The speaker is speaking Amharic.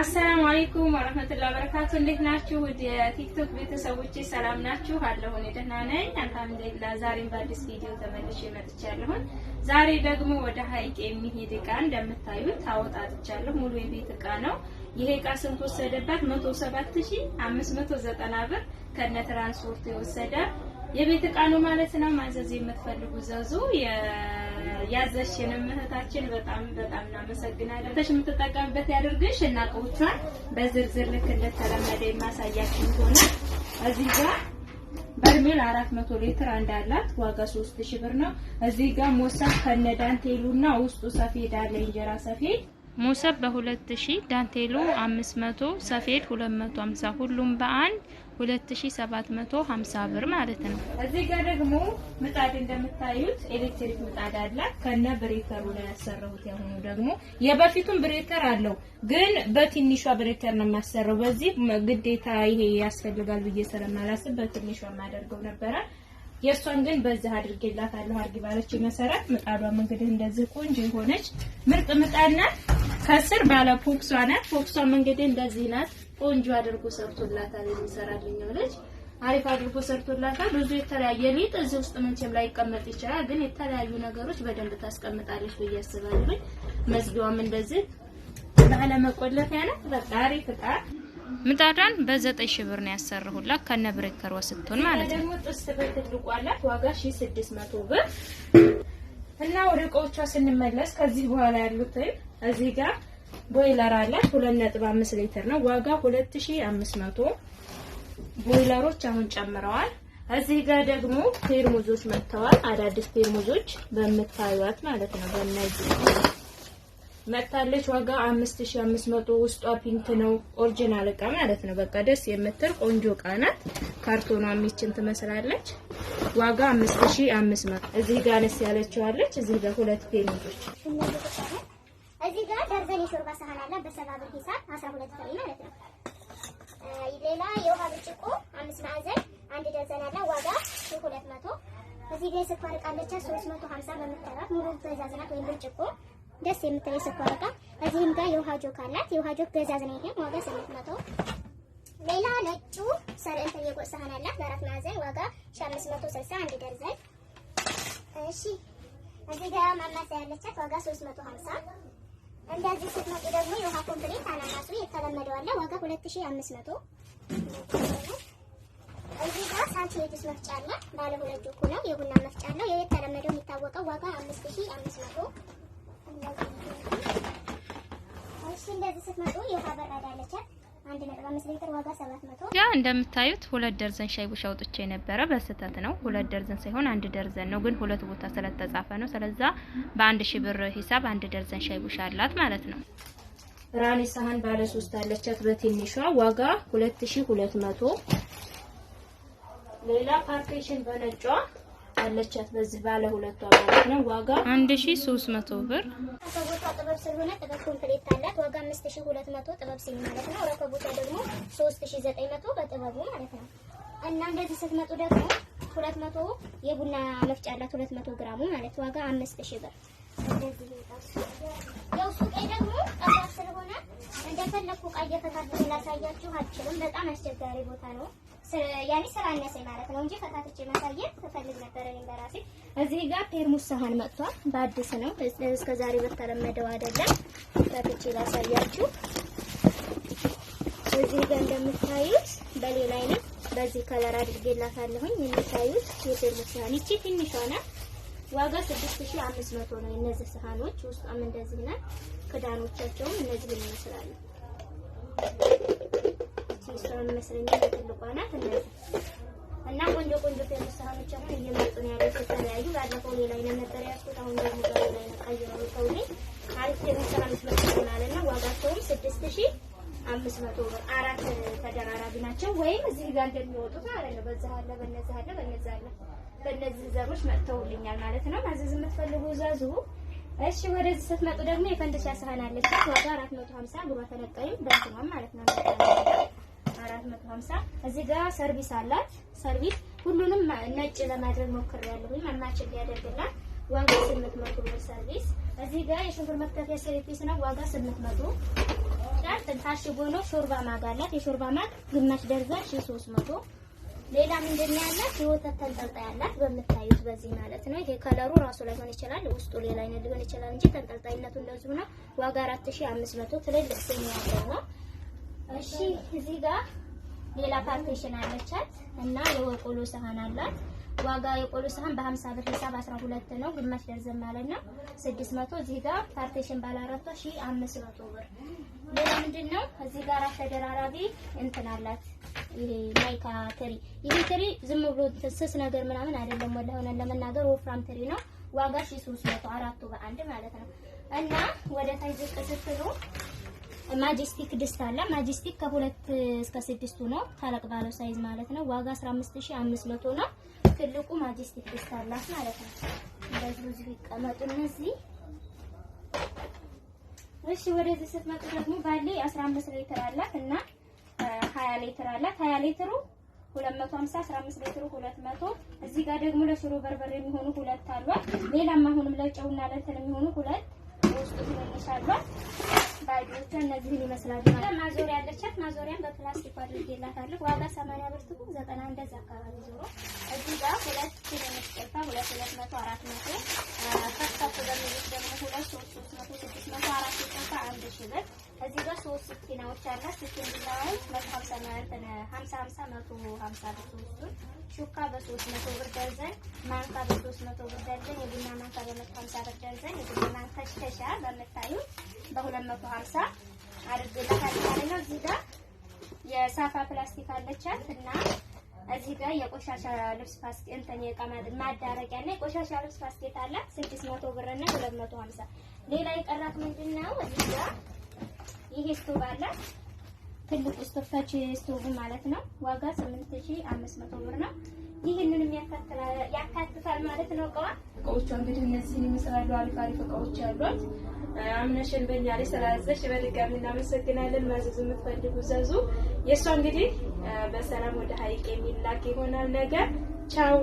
አሰላሙ አለይኩም ወረህመቱላሂ ወበረካቱ። እንዴት ናችሁ? ውድ የቲክቶክ ቤተሰቦቼ ሰላም ናችሁ? አለሁ እኔ ደህና ነኝ አልሐምዱሊላህ። ዛሬም በአዲስ ቪዲዮ ተመልሼ መጥቻለሁኝ። ዛሬ ደግሞ ወደ ሀይቅ የሚሄድ እቃ እንደምታዩት አወጣጥቻለሁ። ሙሉ የቤት እቃ ነው። ይሄ እቃ ስንት ወሰደባት? መቶ ሰባት ሺህ አምስት ብር ከነ ትራንስፖርት የወሰደ የቤት እቃ ነው ማለት ነው። ማዘዝ የምትፈልጉ ዘዙ። ያዘሽንም እህታችን በጣም በጣም እናመሰግናለን። ተሽ የምትጠቀምበት ያድርግሽ እና እቃዎቿን በዝርዝር ልክ እንደተለመደ የማሳያችን ሆነ እዚህ ጋር በርሜል 400 ሊትር አንድ አላት። ዋጋ 3000 ብር ነው። እዚህ ጋር ከነ ዳንቴሉና ውስጡ ሰፌድ አለ እንጀራ ሰፌድ ሞሰብ በ2000 ዳንቴሉ 500 ሰፌድ 250 ሁሉም በአንድ 2750 ብር ማለት ነው። እዚህ ጋር ደግሞ ምጣድ እንደምታዩት ኤሌክትሪክ ምጣድ አላት ከነ ብሬከሩ ላይ ያሰራሁት። ያሁኑ ደግሞ የበፊቱን ብሬከር አለው፣ ግን በትንሿ ብሬከር ነው የማሰራው። በዚህ ግዴታ ይሄ ያስፈልጋል ብዬ ስለማላስብ በትንሿ የማደርገው ነበረ። የእሷን ግን በዚህ አድርጌላታለሁ። አርጊ ባለች መሰረት ምጣዷም እንግዲህ እንደዚህ ቆንጆ የሆነች ምርጥ ምጣድ ናት። ከስር ባለ ፎክሷ ናት። ፎክሷም እንግዲህ እንደዚህ ናት። ቆንጆ አድርጎ ሰርቶላታል የሚሰራልኛው ልጅ አሪፍ አድርጎ ሰርቶላታል። ብዙ የተለያየ ሊጥ እዚህ ውስጥ ምንችም ላይ ይችላል፣ ግን የተለያዩ ነገሮች በደንብ ታስቀምጣለች ብዬ አስባለሁ። መዝጊያዋም እንደዚህ ባለ መቆለፊያ ናት። በቃ አሪፍ እቃ ምጣዷን በዘጠኝ ሺህ ብር ነው ያሰራሁላት ከነ ብሬከሯ ስትሆን ማለት ነው። ደግሞ ጥስት በትልቋላት ዋጋ 1600 ብር እና ወደ እቃዎቿ ስንመለስ ከዚህ በኋላ ያሉትን እዚህ ጋር ቦይለር አላት 2.5 ሊትር ነው ዋጋ 2500 ቦይለሮች አሁን ጨምረዋል። እዚህ ጋር ደግሞ ቴርሙዞች መጥተዋል። አዳዲስ ቴርሞዞች በምታዩት ማለት ነው። በእነዚህ መጥታለች። ዋጋ 5500 ውስጧ ፒንክ ነው። ኦሪጂናል እቃ ማለት ነው። በቃ ደስ የምትል ቆንጆ እቃ ናት። ካርቶኗ ሚችን ትመስላለች። ዋጋ 5500። እዚህ ጋር ነስ ያለችው አለች። እዚህ በሁለት ፔንቶች እዚህ ጋር ደርዘን የሾርባ ሳህን አለ በሰባ ብር ሂሳብ 12 ፍሬ ማለት ነው። ሌላ የውሃ ብርጭቆ አምስት ማዕዘን አንድ ደርዘን አለ ዋጋ 200። እዚህ ጋር የስኳር ዕቃ አለች ሶስት በምትጠራት ሙሉ ትእዛዝ ናት ወይም ብርጭቆ ደስ የምታይ የስኳር ዕቃ። እዚህም ጋር የውሃ ጆክ አላት የውሃ ጆክ ትእዛዝ ነው። ዋጋ ስምንት ሌላ ነጩ ሰርዕን የጎጥ ሳህን አላት በአራት ማዕዘን ዋጋ 560 አንድ ደርዘን። እሺ እዚህ ጋር ማማሳ ያለቻት ዋጋ 350። እንደዚህ ስትመጡ ደግሞ የውሃ ኮምፕሌት አናናሱ የተለመደው አለ ዋጋ 2500። እዚህ ጋር ሳንቲሜትስ መፍጫ አለ ባለ ሁለት ጆክ ነው። የቡና መፍጫ አለው የተለመደው የሚታወቀው ዋጋ 5500። እሺ እንደዚህ ስትመጡ የውሃ በራዳ አለቻት ያ እንደምታዩት ሁለት ደርዘን ሻይ ቡሽ አውጥቼ የነበረ በስህተት ነው። ሁለት ደርዘን ሳይሆን አንድ ደርዘን ነው፣ ግን ሁለት ቦታ ስለተጻፈ ነው። ስለዛ በአንድ ሺህ ብር ሂሳብ አንድ ደርዘን ሻይ ቡሽ አላት ማለት ነው። ራኒ ሳህን ባለ ሶስት አለቻት በትንሿ ዋጋ 2200 ሌላ ፓርቴሽን በነጯ አለቻት። በዚህ ባለ ሁለቷ ማለት ነው። ዋጋ 1300 ብር ረከቦቷ ጥበብ ስለሆነ ጥበብ ኮምፕሌት አላት። ዋጋ 5200 ጥበብ ሲል ማለት ነው። ረከቦቷ ደግሞ 3900 በጥበቡ ማለት ነው። እና እንደዚህ ስትመጡ ደግሞ 200 የቡና መፍጫ አላት 200 ግራሙ ማለት ዋጋ 5000 ብር ያው ሱቄ ደግሞ ጠባብ ስለሆነ እንደፈለኩ እቃ እየፈታተን ላሳያችሁ አልችልም። በጣም አስቸጋሪ ቦታ ነው። ያኔ ስራ አነሰኝ ማለት ነው እንጂ ፈታትቼ ማሳየት እፈልግ ነበር እኔም በራሴ። እዚህ ጋር ፔርሙስ ሰሃን መጥቷል። በአዲስ ነው፣ እስከ ዛሬ በተለመደው አይደለም። ፈትቼ ላሳያችሁ። እዚህ ጋር እንደምታዩት በሌላ አይነት በዚህ ከለር አድርጌላታለሁኝ። የምታዩት የፔርሙስ ሰሃን ይቺ ትንሿ ናት። ዋጋ 6500 ነው። እነዚህ ሰሃኖች ውስጧም እንደዚህ ናት። ክዳኖቻቸውም እነዚህ ይመስላሉ። የምትመስለውን ይመስለኛል ትልቋ ናት። እነዚህ እና ቆንጆ ቆንጆ ፌርሙስ ሳህኖች አሁን እየመጡ ነው ያሉት የተለያዩ። ባለፈው ሌላ አይነት ነበር ያልኩት፣ አሁን ደግሞ ጋር ላይ ቀይረው ተውልኝ። አሪፍ ፌርሙስ አምስት መቶ እና ዋጋቸውም ስድስት ሺህ አምስት መቶ ብር አራት ተደራራቢ ናቸው። ወይም እዚህ ጋር እንደሚወጡት ማለት ነው። በዚህ አለ፣ በነዚህ አለ፣ በነዚህ አለ፣ በነዚህ ዘሮች መጥተውልኛል ማለት ነው። ማዘዝ የምትፈልጉ ዛዙ። እሺ ወደዚህ ስትመጡ ደግሞ የፈንድሻ ሳህን አለች ዋጋ 450 ብሯ ተለጣዩ በእንትኗም ማለት ነው። 450 እዚህ ጋር ሰርቪስ አላት። ሰርቪስ ሁሉንም ነጭ ለማድረግ ሞክሬያለሁኝ። አማችን ሊያደርግላት ዋጋ 800 ብር ሰርቪስ። እዚህ ጋር የሽንኩርት መክተፊያ ሰርቪስ ነው። ዋጋ 800 ጋር ታሽጎ ነው። ሾርባ ማግ አላት። የሾርባ ማግ ግማሽ ደርዘን 300 ሌላ ምንድን ነው ያላት? የወተት ተንጠልጣይ ያላት በምታዩት በዚህ ማለት ነው። ይሄ ከለሩ ራሱ ላይሆን ይችላል፣ ውስጡ ሌላ አይነት ሊሆን ይችላል እንጂ ተንጠልጣይነቱ እንደዚሁ ነው። ዋጋ 4500 ትልልቅ ስኒ ያለው ነው። እሺ እዚህ ጋር ሌላ ፓርቲሽን አለቻት እና የቆሎ ሰሃን አላት። ዋጋ የቆሎ ሰሃን በ50 ብር ሂሳብ 12 ነው፣ ግማሽ ደርዘን ማለት ነው 600። እዚህ ጋር ፓርቲሽን ባለ አራቷ 1500 ብር። ሌላ ምንድን ነው እዚህ ጋር ተደራራቢ እንትን አላት። ይሄ ማይካ ትሪ፣ ይሄ ትሪ ዝም ብሎ ስስ ነገር ምናምን አይደለም፣ ወላ ሆነ ለመናገር ወፍራም ትሪ ነው። ዋጋ 1300 አራቱ በአንድ ማለት ነው እና ወደ ታይዝ ዝቅ ማጀስቲክ ድስት አለ። ማጀስቲክ ከሁለት እስከ ስድስቱ ነው። ታለቅ ባለው ሳይዝ ማለት ነው። ዋጋ 15500 ነው። ትልቁ ማጀስቲክ ድስት አላት ማለት ነው። እንደዚህ ብዙ ይቀመጡ እነዚህ። እሺ ወደዚህ ስትመጡ ደግሞ ባሌ 15 ሊትር አላት እና 20 ሊትር አላት። 20 ሊትሩ 250 15 ሊትሩ 200። እዚህ ጋር ደግሞ ለሽሮ በርበሬ የሚሆኑ ሁለት አሏት። ሌላም አሁንም ለጨውና ለእንትን የሚሆኑ ሁለት ውስጡ ትንሽ አሏት። ብቻ እነዚህን ይመስላል። ማዞሪያ አለቻት። ማዞሪያን በፕላስቲክ አድርጌላታለሁ። ዋጋ ሰማንያ ብር ትኩ ዘጠና እንደዛ አካባቢ ዞሮ እዚህ ጋር ሁለት ኪሎ የሚያስገባ ሁለት ሁለት መቶ አራት መቶ ከፍ በሚሉት ደግሞ ሁለት ሶስት ሶስት መቶ ስድስት መቶ አራት ስጠፋ አንድ ሺህ ብር እዚህ ጋር ሶስት ስኪናዎች አላት። ስኪን ቢላዋይ መቶ ሀምሳ እንትን ሀምሳ ሀምሳ መቶ ሀምሳ ብር ሶስቱን ሹካ በሶስት መቶ ብር ደርዘን፣ ማንካ በሶስት መቶ ብር ደርዘን፣ የቡና ማንካ በመቶ ሀምሳ ብር ደርዘን፣ የቡና ማንከሽከሻ በምታዩት በሁለት መቶ ሀምሳ አድርግላታለሁ ማለት ነው። እዚህ ጋር የሳፋ ፕላስቲክ አለቻት እና እዚህ ጋር የቆሻሻ ልብስ ፓስኬት እንትን የእቃ ማዳረቂያ እና የቆሻሻ ልብስ ፓስኬት አላት። ስድስት መቶ ብር እና ሁለት መቶ ሀምሳ ሌላ የቀራት ምንድን ነው? እዚህ ጋር ይሄ ስቶቭ አላት ትልቁ ስቶፍታች ስቶቭ ማለት ነው። ዋጋ 8500 ብር ነው። ይህንንም ያካትታል ማለት ነው። እቃዋ እቃዎቿ እንግዲህ እነዚህን ይመስላሉ። አሪፍ አሪፍ እቃዎች ያሏት አምነሽን በእኛ ላይ ስላዘሽ በድጋሚ እናመሰግናለን። ማዘዝ የምትፈልጉ ዘዙ። የእሷ እንግዲህ በሰላም ወደ ሀይቅ የሚላክ ይሆናል ነገር ቻው